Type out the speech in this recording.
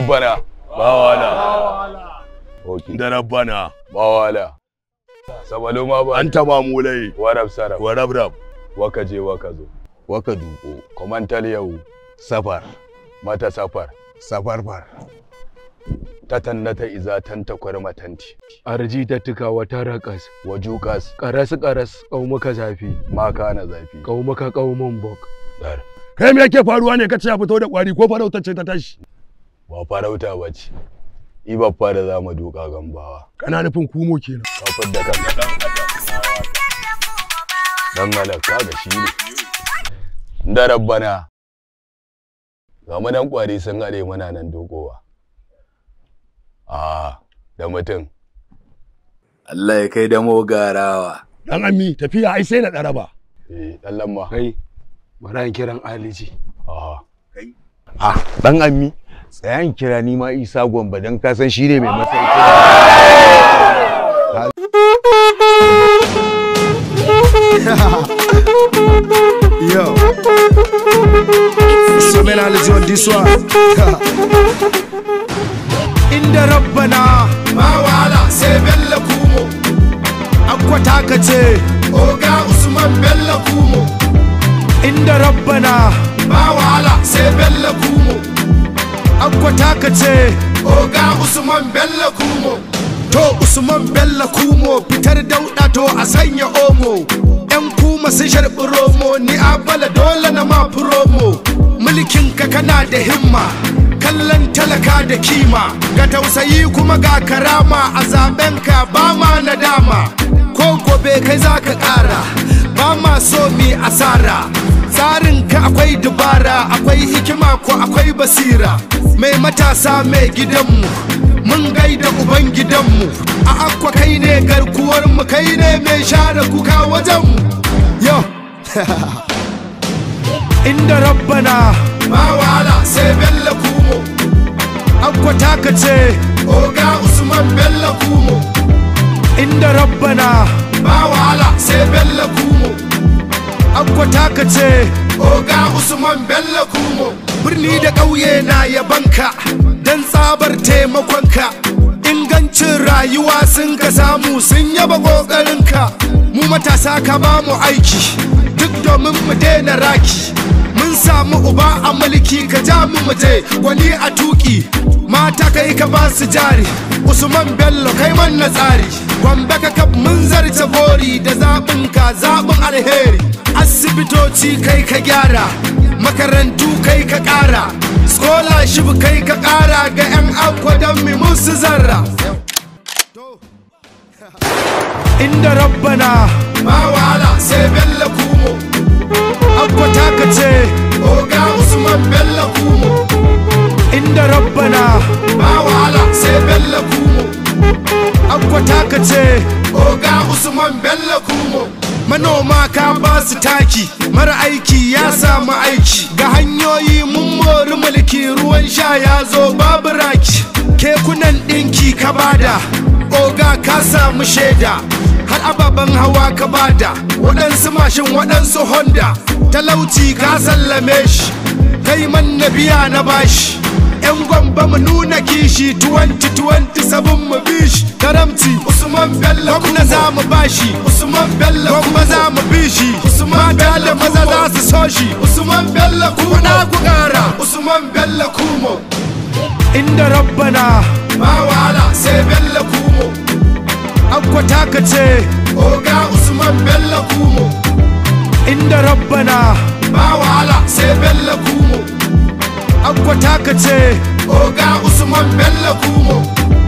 rabbana ba wala okay da rabbana ba wala sabalo ma ba anta mulai warab sarab warab rab waka je waka zo waka duko komantal yau safar mata safar safar far tatannata iza tanta matanti arji ta tuka wata rakas wajukas karas karas kaumaka zafi maka na zafi kaumaka kauman bok dar kai me yake faruwa ne ce ya fito da kwari ko farautar ce ta tashi ba farauta ba ce i ba fara za mu duka gambawa kana nufin kumo kenan Kafin da kan dan ka ga shi ne da rabbana ga mu dan kwari sun hade mana nan dokowa a da mutum Allah ya kai da mu garawa dan ammi tafiya ai sai na daraba eh dan lamma kai bari kiran aliji a kai ah dan ammi tsayan kira ni ma isa gwamba don kasan shi ne mai matsayi Yo, semaine à l'émission du soir. Inda Rabbana, Mawala, c'est Bella Kumo. Akwa kace, Oga Usman Bella Kumo. Inda Rabbana, Mawala. ce oga usman bello kumo to usman bello kumo fitar dauɗa to a sanya omo yan kuma sun sharbi romo ni abala dole na ma promo mulkin ka kana da himma kallon talaka da kima ga tausayi kuma ga karama a zaben ka ba ma nadama ko gobe kai zaka ka ƙara ba ma so mi asara tsarin dubara akwai hikima ko akwai basira mai matasa mai gidanmu mun gaida uban gidanmu a akwa kai ne garkuwar mu kai ne mai share kuka wajen yo inda rabbana ba wahala sai bella kumo akwa taka ce oga usman bella kumo inda rabbana ba wahala sai bella kumo akwa taka ce oga usman bello kumo birni da ƙauye na yabanka don tsabar taimakonka ingancin rayuwa sun ka samu sun yaba ƙoƙarinka mu matasa ka ba mu aiki duk domin mu daina raki mun samu uba a mulki ka ja mu muje gwani a tuki mata kai yi ka ba su jari usman bello kai man na tsari gwamba ka mun zarce gori da zaɓin ka zaɓin alheri asibitoci kai ka gyara makarantu kai ka ƙara scholarship kai ka ƙara ga 'yan don mu su zarra inda rabbana ma wahala sai bella kumo akwata ka ce ga usman bella kumo inda rabbana ma wahala sai bella kumo akwata ka ce ga usman bella kumo manoma ka ba su taki mara aiki ya samu aiki ga hanyoyi mun mori mulki ruwan sha ya zo babu raki kekunan ɗinki ka bada oga ka samu shaida har ababen hawa ka bada waɗansu mashin waɗansu honda talauci ka sallame shi kai man na biya na bashi 'yan gwamba mu nuna kishi sabon mu bishi karamci usman bello kuna za mu bashi usman bello kuma za mu bishi usman bello maza za su so shi usman bello na ku kara usman bello kumo inda rabbana ma wahala sai bello kumo Akwa ka ce oga usman bello kumo inda rabbana ba wahala sai bello kumo akwata ka ce oga usman bello kumo